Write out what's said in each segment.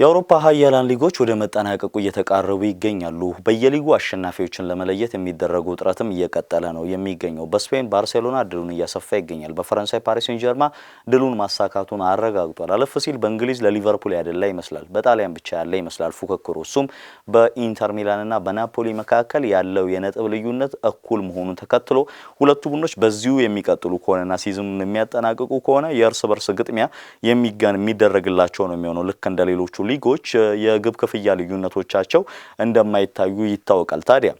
የአውሮፓ ሀያላን ሊጎች ወደ መጠናቀቁ እየተቃረቡ ይገኛሉ። በየሊጉ አሸናፊዎችን ለመለየት የሚደረጉ ውጥረትም እየቀጠለ ነው የሚገኘው። በስፔን ባርሴሎና ድሉን እያሰፋ ይገኛል። በፈረንሳይ ፓሪስ ሴን ጀርማ ድሉን ማሳካቱን አረጋግጧል። አለፍ ሲል በእንግሊዝ ለሊቨርፑል ያደላ ይመስላል። በጣሊያን ብቻ ያለ ይመስላል ፉክክሩ። እሱም በኢንተር ሚላንና በናፖሊ መካከል ያለው የነጥብ ልዩነት እኩል መሆኑን ተከትሎ ሁለቱ ቡድኖች በዚሁ የሚቀጥሉ ከሆነና ሲዝኑን የሚያጠናቅቁ ከሆነ የእርስ በርስ ግጥሚያ የሚደረግላቸው ነው የሚሆነው ልክ እንደሌሎቹ ሊጎች የግብ ክፍያ ልዩነቶቻቸው እንደማይታዩ ይታወቃል። ታዲያ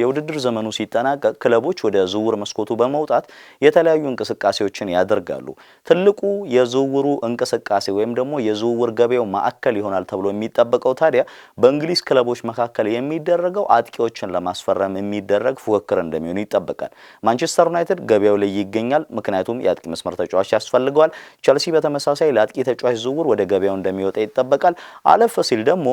የውድድር ዘመኑ ሲጠናቀቅ ክለቦች ወደ ዝውውር መስኮቱ በመውጣት የተለያዩ እንቅስቃሴዎችን ያደርጋሉ። ትልቁ የዝውውሩ እንቅስቃሴ ወይም ደግሞ የዝውውር ገበያው ማዕከል ይሆናል ተብሎ የሚጠበቀው ታዲያ በእንግሊዝ ክለቦች መካከል የሚደረገው አጥቂዎችን ለማስፈረም የሚደረግ ፉክክር እንደሚሆን ይጠበቃል። ማንቸስተር ዩናይትድ ገበያው ላይ ይገኛል፣ ምክንያቱም የአጥቂ መስመር ተጫዋች ያስፈልገዋል። ቸልሲ በተመሳሳይ ለአጥቂ ተጫዋች ዝውውር ወደ ገበያው እንደሚወጣ ይጠበቃል። አለፍ ሲል ደግሞ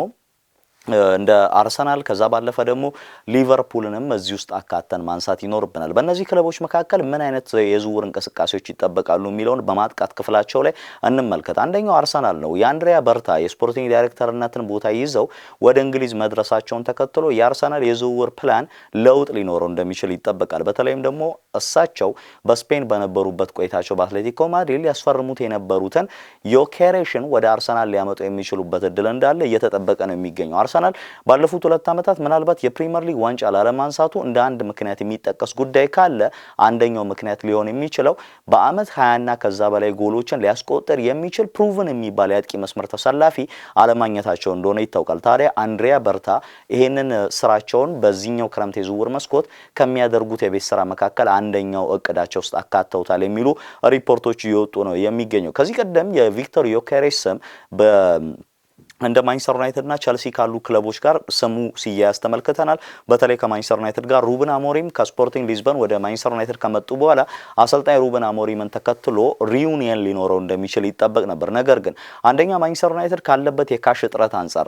እንደ አርሰናል ከዛ ባለፈ ደግሞ ሊቨርፑልንም እዚህ ውስጥ አካተን ማንሳት ይኖርብናል። በእነዚህ ክለቦች መካከል ምን አይነት የዝውውር እንቅስቃሴዎች ይጠበቃሉ የሚለውን በማጥቃት ክፍላቸው ላይ እንመልከት። አንደኛው አርሰናል ነው። የአንድሪያ በርታ የስፖርቲንግ ዳይሬክተርነትን ቦታ ይዘው ወደ እንግሊዝ መድረሳቸውን ተከትሎ የአርሰናል የዝውውር ፕላን ለውጥ ሊኖረው እንደሚችል ይጠበቃል። በተለይም ደግሞ እሳቸው በስፔን በነበሩበት ቆይታቸው በአትሌቲኮ ማድሪድ ሊያስፈርሙት የነበሩትን ዮኬሬሽን ወደ አርሰናል ሊያመጡ የሚችሉበት እድል እንዳለ እየተጠበቀ ነው የሚገኘው። አንስተናል። ባለፉት ሁለት ዓመታት ምናልባት የፕሪምየር ሊግ ዋንጫ ላለማንሳቱ እንደ አንድ ምክንያት የሚጠቀስ ጉዳይ ካለ አንደኛው ምክንያት ሊሆን የሚችለው በአመት ሀያና ከዛ በላይ ጎሎችን ሊያስቆጥር የሚችል ፕሩቭን የሚባል የአጥቂ መስመር ተሰላፊ አለማግኘታቸው እንደሆነ ይታወቃል። ታዲያ አንድሪያ በርታ ይህንን ስራቸውን በዚህኛው ክረምት የዝውውር መስኮት ከሚያደርጉት የቤት ስራ መካከል አንደኛው እቅዳቸው ውስጥ አካተውታል የሚሉ ሪፖርቶች እየወጡ ነው የሚገኘው። ከዚህ ቀደም የቪክተር ዮኬሬስ ስም እንደ ማንቸስተር ዩናይትድ እና ቸልሲ ካሉ ክለቦች ጋር ስሙ ሲያያዝ ተመልክተናል። በተለይ ከማንቸስተር ዩናይትድ ጋር ሩብን አሞሪም ከስፖርቲንግ ሊዝበን ወደ ማንቸስተር ዩናይትድ ከመጡ በኋላ አሰልጣኝ ሩብን አሞሪምን ተከትሎ ሪዩኒየን ሊኖረው እንደሚችል ይጠበቅ ነበር። ነገር ግን አንደኛ ማንቸስተር ዩናይትድ ካለበት የካሽ እጥረት አንጻር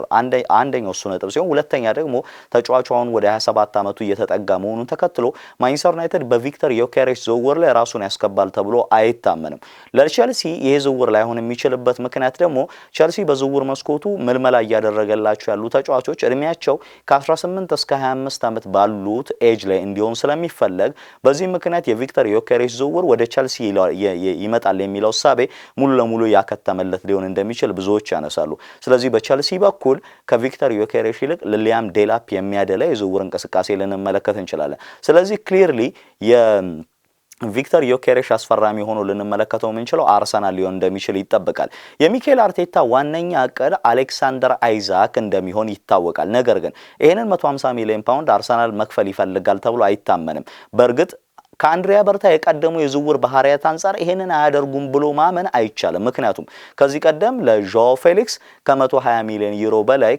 አንደኛው እሱ ነጥብ ሲሆን፣ ሁለተኛ ደግሞ ተጫዋቹ አሁን ወደ 27 ዓመቱ እየተጠጋ መሆኑን ተከትሎ ማንቸስተር ዩናይትድ በቪክተር ዮኬሬሽ ዝውውር ላይ ራሱን ያስከባል ተብሎ አይታመንም። ለቸልሲ ይሄ ዝውውር ላይሆን የሚችልበት ምክንያት ደግሞ ቸልሲ በዝውውር መስኮቱ ምልመላ እያደረገላቸው ያሉ ተጫዋቾች እድሜያቸው ከ18 እስከ 25 ዓመት ባሉት ኤጅ ላይ እንዲሆን ስለሚፈለግ በዚህ ምክንያት የቪክተር ዮኬሬሽ ዝውውር ወደ ቸልሲ ይመጣል የሚለው እሳቤ ሙሉ ለሙሉ ያከተመለት ሊሆን እንደሚችል ብዙዎች ያነሳሉ። ስለዚህ በቸልሲ በኩል ከቪክተር ዮኬሬሽ ይልቅ ለሊያም ዴላፕ የሚያደላ የዝውውር እንቅስቃሴ ልንመለከት እንችላለን። ስለዚህ ክሊርሊ ቪክተር ዮኬሬሽ አስፈራሚ ሆኖ ልንመለከተው የምንችለው አርሰናል ሊሆን እንደሚችል ይጠበቃል። የሚካኤል አርቴታ ዋነኛ እቅድ አሌክሳንደር አይዛክ እንደሚሆን ይታወቃል። ነገር ግን ይህንን 150 ሚሊዮን ፓውንድ አርሰናል መክፈል ይፈልጋል ተብሎ አይታመንም። በእርግጥ ከአንድሪያ በርታ የቀደሙ የዝውውር ባህሪያት አንጻር ይሄንን አያደርጉም ብሎ ማመን አይቻልም። ምክንያቱም ከዚህ ቀደም ለዣኦ ፌሊክስ ከ120 ሚሊዮን ዩሮ በላይ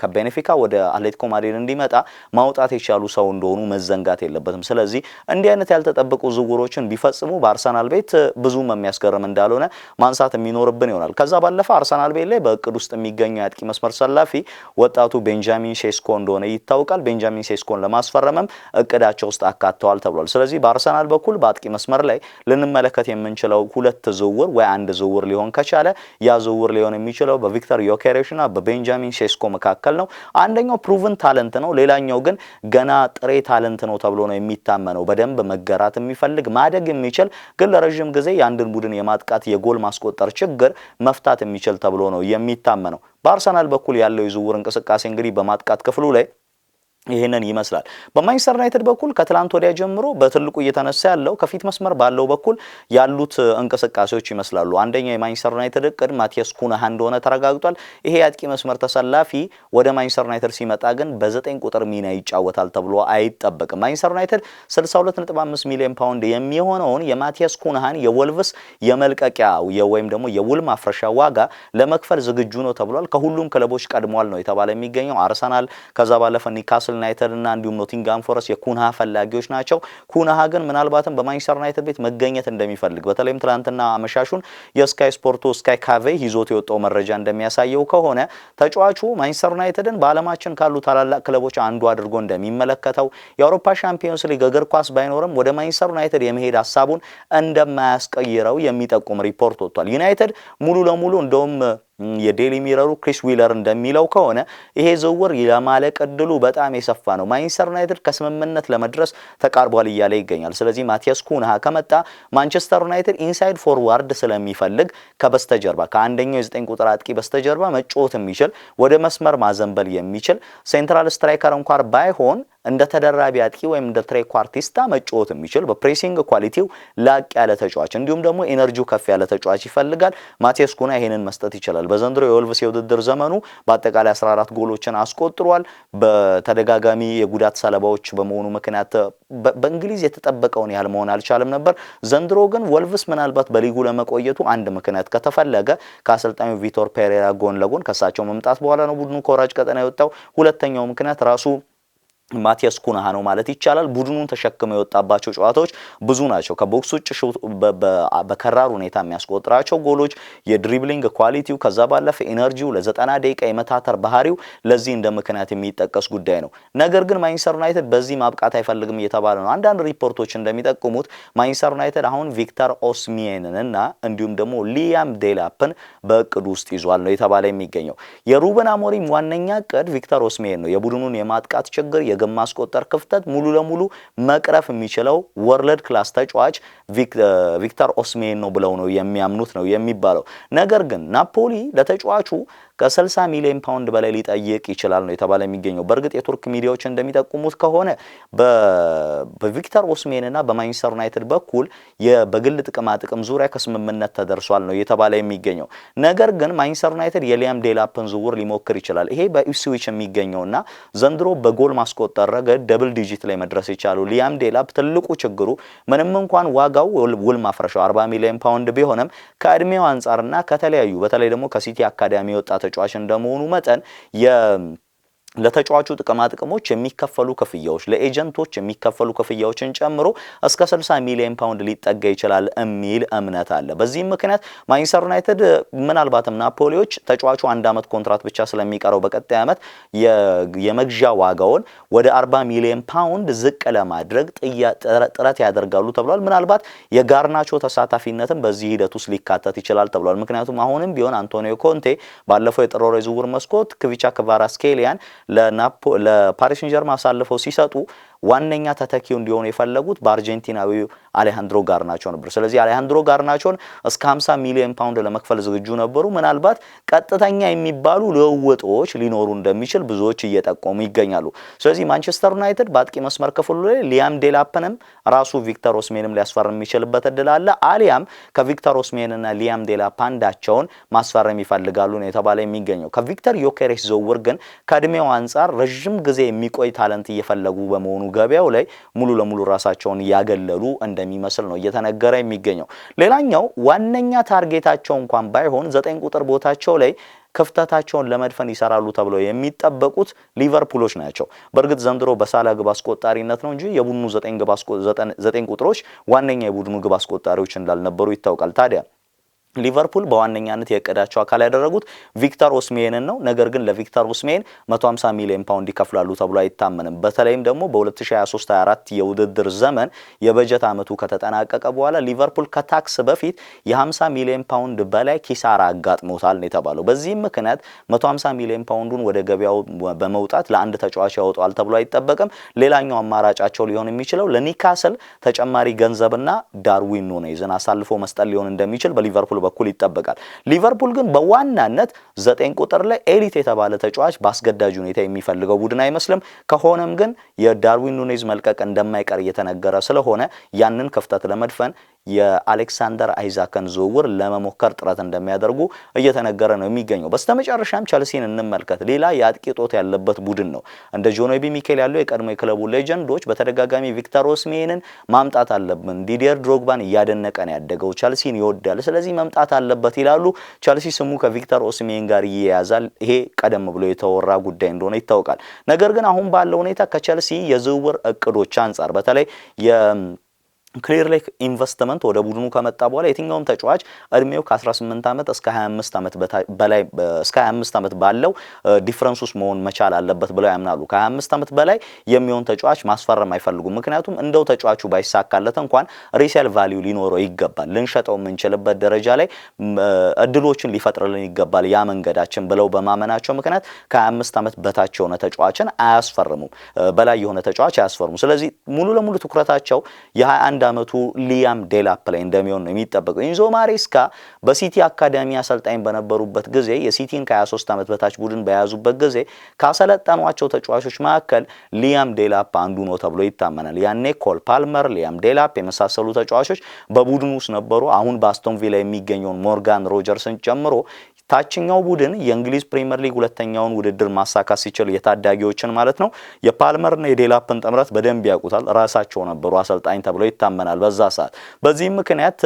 ከቤኔፊካ ወደ አትሌቲኮ ማድሪድ እንዲመጣ ማውጣት የቻሉ ሰው እንደሆኑ መዘንጋት የለበትም። ስለዚህ እንዲህ አይነት ያልተጠበቁ ዝውውሮችን ቢፈጽሙ በአርሰናል ቤት ብዙም የሚያስገርም እንዳልሆነ ማንሳት የሚኖርብን ይሆናል። ከዛ ባለፈ አርሰናል ቤት ላይ በእቅድ ውስጥ የሚገኘው የአጥቂ መስመር ሰላፊ ወጣቱ ቤንጃሚን ሴስኮ እንደሆነ ይታወቃል። ቤንጃሚን ሴስኮን ለማስፈረመም እቅዳቸው ውስጥ አካተው ተሰጥተዋል ተብሏል። ስለዚህ በአርሰናል በኩል በአጥቂ መስመር ላይ ልንመለከት የምንችለው ሁለት ዝውውር ወይ አንድ ዝውውር ሊሆን ከቻለ ያ ዝውውር ሊሆን የሚችለው በቪክተር ዮኬሬሽና በቤንጃሚን ሴስኮ መካከል ነው። አንደኛው ፕሩቭን ታለንት ነው፣ ሌላኛው ግን ገና ጥሬ ታለንት ነው ተብሎ ነው የሚታመነው። በደንብ መገራት የሚፈልግ ማደግ የሚችል ግን ለረዥም ጊዜ የአንድን ቡድን የማጥቃት የጎል ማስቆጠር ችግር መፍታት የሚችል ተብሎ ነው የሚታመነው። በአርሰናል በኩል ያለው የዝውውር እንቅስቃሴ እንግዲህ በማጥቃት ክፍሉ ላይ ይህንን ይመስላል። በማንቸስተር ዩናይትድ በኩል ከትላንት ወዲያ ጀምሮ በትልቁ እየተነሳ ያለው ከፊት መስመር ባለው በኩል ያሉት እንቅስቃሴዎች ይመስላሉ። አንደኛው የማንቸስተር ዩናይትድ እቅድ ማቲያስ ኩንሃ እንደሆነ ተረጋግጧል። ይሄ የአጥቂ መስመር ተሰላፊ ወደ ማንቸስተር ዩናይትድ ሲመጣ ግን በዘጠኝ ቁጥር ሚና ይጫወታል ተብሎ አይጠበቅም። ማንቸስተር ዩናይትድ 625 ሚሊዮን ፓውንድ የሚሆነውን የማቲያስ ኩንሃን የወልቭስ የመልቀቂያ ወይም ደግሞ የውል ማፍረሻ ዋጋ ለመክፈል ዝግጁ ነው ተብሏል። ከሁሉም ክለቦች ቀድሟል ነው የተባለ የሚገኘው አርሰናል፣ ከዛ ባለፈ ኒካስል ዩናይትድ እና እንዲሁም ኖቲንጋም ፎረስት የኩንሃ ፈላጊዎች ናቸው። ኩንሃ ግን ምናልባትም በማንቸስተር ዩናይትድ ቤት መገኘት እንደሚፈልግ በተለይም ትናንትና አመሻሹን የስካይ ስፖርቱ ስካይ ካቬ ይዞት የወጣው መረጃ እንደሚያሳየው ከሆነ ተጫዋቹ ማንቸስተር ዩናይትድን በዓለማችን ካሉ ታላላቅ ክለቦች አንዱ አድርጎ እንደሚመለከተው የአውሮፓ ሻምፒዮንስ ሊግ እግር ኳስ ባይኖርም ወደ ማንቸስተር ዩናይትድ የመሄድ ሀሳቡን እንደማያስቀይረው የሚጠቁም ሪፖርት ወጥቷል። ዩናይትድ ሙሉ ለሙሉ እንደውም የዴሊ ሚረሩ ክሪስ ዊለር እንደሚለው ከሆነ ይሄ ዝውውር ለማለቅ እድሉ በጣም የሰፋ ነው። ማንቸስተር ዩናይትድ ከስምምነት ለመድረስ ተቃርቧል እያለ ይገኛል። ስለዚህ ማቲያስ ኩንሃ ከመጣ ማንቸስተር ዩናይትድ ኢንሳይድ ፎርዋርድ ስለሚፈልግ ከበስተጀርባ ከአንደኛው የዘጠኝ ቁጥር አጥቂ በስተጀርባ መጫወት የሚችል ወደ መስመር ማዘንበል የሚችል ሴንትራል ስትራይከር እንኳን ባይሆን እንደ ተደራቢ አጥቂ ወይም እንደ ትሬኳርቲስታ መጫወት የሚችል በፕሬሲንግ ኳሊቲው ላቅ ያለ ተጫዋች እንዲሁም ደግሞ ኢነርጂው ከፍ ያለ ተጫዋች ይፈልጋል። ማቴስ ኩና ይሄንን መስጠት ይችላል። በዘንድሮ የወልቭስ የውድድር ዘመኑ በአጠቃላይ 14 ጎሎችን አስቆጥሯል። በተደጋጋሚ የጉዳት ሰለባዎች በመሆኑ ምክንያት በእንግሊዝ የተጠበቀውን ያህል መሆን አልቻለም ነበር። ዘንድሮ ግን ወልቭስ ምናልባት በሊጉ ለመቆየቱ አንድ ምክንያት ከተፈለገ ከአሰልጣኙ ቪቶር ፔሬራ ጎን ለጎን ከሳቸው መምጣት በኋላ ነው ቡድኑ ከወራጅ ቀጠና የወጣው። ሁለተኛው ምክንያት ራሱ ማቲያስ ኩናሃ ነው ማለት ይቻላል። ቡድኑን ተሸክመው የወጣባቸው ጨዋታዎች ብዙ ናቸው። ከቦክስ ውጭ በከራር ሁኔታ የሚያስቆጥራቸው ጎሎች፣ የድሪብሊንግ ኳሊቲው፣ ከዛ ባለፈ ኢነርጂው፣ ለዘጠና ደቂቃ የመታተር ባህሪው ለዚህ እንደ ምክንያት የሚጠቀስ ጉዳይ ነው። ነገር ግን ማንቸስተር ዩናይትድ በዚህ ማብቃት አይፈልግም እየተባለ ነው። አንዳንድ ሪፖርቶች እንደሚጠቁሙት ማንቸስተር ዩናይትድ አሁን ቪክተር ኦስሚየንን እና እንዲሁም ደግሞ ሊያም ዴላፕን በእቅዱ ውስጥ ይዟል ነው የተባለ የሚገኘው። የሩበን አሞሪም ዋነኛ እቅድ ቪክተር ኦስሚየን ነው። የቡድኑን የማጥቃት ችግር የግብ ማስቆጠር ክፍተት ሙሉ ለሙሉ መቅረፍ የሚችለው ወርልድ ክላስ ተጫዋች ቪክተር ኦስሜን ነው ብለው ነው የሚያምኑት ነው የሚባለው። ነገር ግን ናፖሊ ለተጫዋቹ ከ60 ሚሊዮን ፓውንድ በላይ ሊጠይቅ ይችላል ነው የተባለ የሚገኘው። በእርግጥ የቱርክ ሚዲያዎች እንደሚጠቁሙት ከሆነ በቪክተር ኦስሜንና በማንቸስተር ዩናይትድ በኩል በግል ጥቅማ ጥቅም ዙሪያ ከስምምነት ተደርሷል ነው የተባለ የሚገኘው። ነገር ግን ማንቸስተር ዩናይትድ የሊያም ዴላፕን ዝውውር ሊሞክር ይችላል። ይሄ በኢፕስዊች የሚገኘውና ዘንድሮ በጎል ማስቆጠር ረገድ ደብል ዲጂት ላይ መድረስ ይቻሉ ሊያም ዴላፕ ትልቁ ችግሩ ምንም እንኳን ዋጋው ውል ማፍረሻው 40 ሚሊዮን ፓውንድ ቢሆንም ከእድሜው አንጻርና ከተለያዩ በተለይ ደግሞ ከሲቲ አካዳሚ ወጣት ተጫዋች እንደመሆኑ መጠን ለተጫዋቹ ጥቅማ ጥቅሞች የሚከፈሉ ክፍያዎች ለኤጀንቶች የሚከፈሉ ክፍያዎችን ጨምሮ እስከ 60 ሚሊዮን ፓውንድ ሊጠጋ ይችላል የሚል እምነት አለ። በዚህም ምክንያት ማንቸስተር ዩናይትድ ምናልባትም ናፖሊዎች ተጫዋቹ አንድ ዓመት ኮንትራት ብቻ ስለሚቀረው በቀጣይ ዓመት የመግዣ ዋጋውን ወደ 40 ሚሊዮን ፓውንድ ዝቅ ለማድረግ ጥረት ያደርጋሉ ተብሏል። ምናልባት የጋርናቾ ተሳታፊነትም በዚህ ሂደት ውስጥ ሊካተት ይችላል ተብሏል። ምክንያቱም አሁንም ቢሆን አንቶኒዮ ኮንቴ ባለፈው የጥር ዝውውር መስኮት ክቪቻ ክቫራስኬሊያን ለፓሪስ ሴን ጀርመን አሳልፈው ሲሰጡ ዋነኛ ተተኪው እንዲሆኑ የፈለጉት በአርጀንቲናዊው አሌሃንድሮ ጋርናቾ ነበር። ስለዚህ አሌሃንድሮ ጋርናቾን እስከ 50 ሚሊዮን ፓውንድ ለመክፈል ዝግጁ ነበሩ። ምናልባት ቀጥተኛ የሚባሉ ልውውጦች ሊኖሩ እንደሚችል ብዙዎች እየጠቆሙ ይገኛሉ። ስለዚህ ማንቸስተር ዩናይትድ በአጥቂ መስመር ክፍሉ ላይ ሊያም ዴላፕንም ራሱ ቪክተር ኦስሜንም ሊያስፈርም የሚችልበት እድል አለ። አሊያም ከቪክተር ኦስሜንና ሊያም ዴላፕ አንዳቸውን ማስፈረም ይፈልጋሉ ነው የተባለ የሚገኘው። ከቪክተር ዮኬሬስ ዝውውር ግን ከእድሜው አንጻር ረዥም ጊዜ የሚቆይ ታለንት እየፈለጉ በመሆኑ ገበያው ላይ ሙሉ ለሙሉ ራሳቸውን ያገለሉ እንደሚመስል ነው እየተነገረ የሚገኘው። ሌላኛው ዋነኛ ታርጌታቸው እንኳን ባይሆን ዘጠኝ ቁጥር ቦታቸው ላይ ክፍተታቸውን ለመድፈን ይሰራሉ ተብለው የሚጠበቁት ሊቨርፑሎች ናቸው። በእርግጥ ዘንድሮ በሳላ ግብ አስቆጣሪነት ነው እንጂ የቡድኑ ዘጠኝ ቁጥሮች ዋነኛ የቡድኑ ግብ አስቆጣሪዎች እንዳልነበሩ ይታወቃል ታዲያ ሊቨርፑል በዋነኛነት የእቅዳቸው አካል ያደረጉት ቪክተር ኦስሜንን ነው። ነገር ግን ለቪክተር ኦስሜን 150 ሚሊዮን ፓውንድ ይከፍላሉ ተብሎ አይታመንም። በተለይም ደግሞ በ2023/24 የውድድር ዘመን የበጀት ዓመቱ ከተጠናቀቀ በኋላ ሊቨርፑል ከታክስ በፊት የ50 ሚሊዮን ፓውንድ በላይ ኪሳራ አጋጥሞታል ነው የተባለው። በዚህም ምክንያት 150 ሚሊዮን ፓውንዱን ወደ ገበያው በመውጣት ለአንድ ተጫዋች ያወጣል ተብሎ አይጠበቅም። ሌላኛው አማራጫቸው ሊሆን የሚችለው ለኒካስል ተጨማሪ ገንዘብና ዳርዊን ኑኔዝን አሳልፎ መስጠት ሊሆን እንደሚችል በሊቨርፑል በኩል ይጠበቃል። ሊቨርፑል ግን በዋናነት ዘጠኝ ቁጥር ላይ ኤሊት የተባለ ተጫዋች በአስገዳጅ ሁኔታ የሚፈልገው ቡድን አይመስልም። ከሆነም ግን የዳርዊን ኑኔዝ መልቀቅ እንደማይቀር እየተነገረ ስለሆነ ያንን ክፍተት ለመድፈን የአሌክሳንደር አይዛክን ዝውውር ለመሞከር ጥረት እንደሚያደርጉ እየተነገረ ነው የሚገኘው። በስተመጨረሻም ቸልሲን እንመልከት። ሌላ የአጥቂ ጦት ያለበት ቡድን ነው። እንደ ጆኖቢ ሚኬል ያለው የቀድሞ የክለቡ ሌጀንዶች በተደጋጋሚ ቪክተር ኦስሜንን ማምጣት አለብን፣ ዲዲየር ድሮግባን እያደነቀ ነው ያደገው፣ ቸልሲን ይወዳል፣ ስለዚህ መምጣት አለበት ይላሉ። ቸልሲ ስሙ ከቪክተር ኦስሜን ጋር ይያያዛል። ይሄ ቀደም ብሎ የተወራ ጉዳይ እንደሆነ ይታወቃል። ነገር ግን አሁን ባለው ሁኔታ ከቸልሲ የዝውውር እቅዶች አንጻር በተለይ ክሊር ሌክ ኢንቨስትመንት ወደ ቡድኑ ከመጣ በኋላ የትኛውም ተጫዋች እድሜው ከ18 ዓመት እስከ 25 ዓመት በላይ እስከ 25 ዓመት ባለው ዲፍረንስ ውስጥ መሆን መቻል አለበት ብለው ያምናሉ። ከ25 ዓመት በላይ የሚሆን ተጫዋች ማስፈረም አይፈልጉም። ምክንያቱም እንደው ተጫዋቹ ባይሳካለት እንኳን ሪሴል ቫሊዩ ሊኖረው ይገባል። ልንሸጠው የምንችልበት ደረጃ ላይ እድሎችን ሊፈጥርልን ይገባል ያ መንገዳችን ብለው በማመናቸው ምክንያት ከ25 ዓመት በታች የሆነ ተጫዋችን አያስፈርሙም። በላይ የሆነ ተጫዋች አያስፈርሙም። ስለዚህ ሙሉ ለሙሉ ትኩረታቸው የ21 ዓመቱ ሊያም ዴላፕ ላይ እንደሚሆን ነው የሚጠበቀው። ኢንዞ ማሬስካ በሲቲ አካዳሚ አሰልጣኝ በነበሩበት ጊዜ የሲቲን ከ23 ዓመት በታች ቡድን በያዙበት ጊዜ ካሰለጠኗቸው ተጫዋቾች መካከል ሊያም ዴላፕ አንዱ ነው ተብሎ ይታመናል። ያኔ ኮል ፓልመር፣ ሊያም ዴላፕ የመሳሰሉ ተጫዋቾች በቡድኑ ውስጥ ነበሩ። አሁን በአስቶን ቪላ የሚገኘውን ሞርጋን ሮጀርስን ጨምሮ ታችኛው ቡድን የእንግሊዝ ፕሪምየር ሊግ ሁለተኛውን ውድድር ማሳካት ሲችል የታዳጊዎችን ማለት ነው የፓልመርና የዴላፕን ጥምረት በደንብ ያውቁታል። ራሳቸው ነበሩ አሰልጣኝ ተብለው ይታመናል በዛ ሰዓት። በዚህም ምክንያት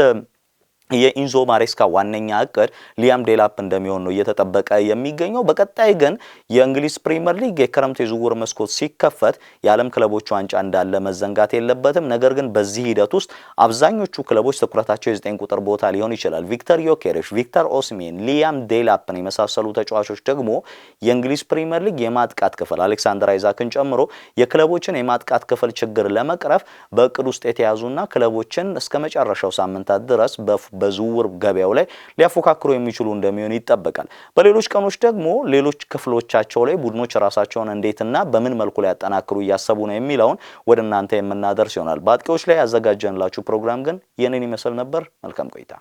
የኢንዞ ማሬስካ ዋነኛ እቅድ ሊያም ዴላፕ እንደሚሆን ነው እየተጠበቀ የሚገኘው። በቀጣይ ግን የእንግሊዝ ፕሪምየር ሊግ የክረምት የዝውውር መስኮት ሲከፈት የዓለም ክለቦች ዋንጫ እንዳለ መዘንጋት የለበትም። ነገር ግን በዚህ ሂደት ውስጥ አብዛኞቹ ክለቦች ትኩረታቸው የዘጠኝ ቁጥር ቦታ ሊሆን ይችላል። ቪክተር ዮኬሬሽ፣ ቪክተር ኦስሜን፣ ሊያም ዴላፕን የመሳሰሉ ተጫዋቾች ደግሞ የእንግሊዝ ፕሪምየር ሊግ የማጥቃት ክፍል አሌክሳንደር አይዛክን ጨምሮ የክለቦችን የማጥቃት ክፍል ችግር ለመቅረፍ በእቅድ ውስጥ የተያዙና ክለቦችን እስከ መጨረሻው ሳምንታት ድረስ በዝውውር ገበያው ላይ ሊያፎካክሩ የሚችሉ እንደሚሆን ይጠበቃል። በሌሎች ቀኖች ደግሞ ሌሎች ክፍሎቻቸው ላይ ቡድኖች ራሳቸውን እንዴትና በምን መልኩ ሊያጠናክሩ እያሰቡ ነው የሚለውን ወደ እናንተ የምናደርስ ይሆናል። በአጥቂዎች ላይ ያዘጋጀንላችሁ ፕሮግራም ግን ይህንን ይመስል ነበር። መልካም ቆይታ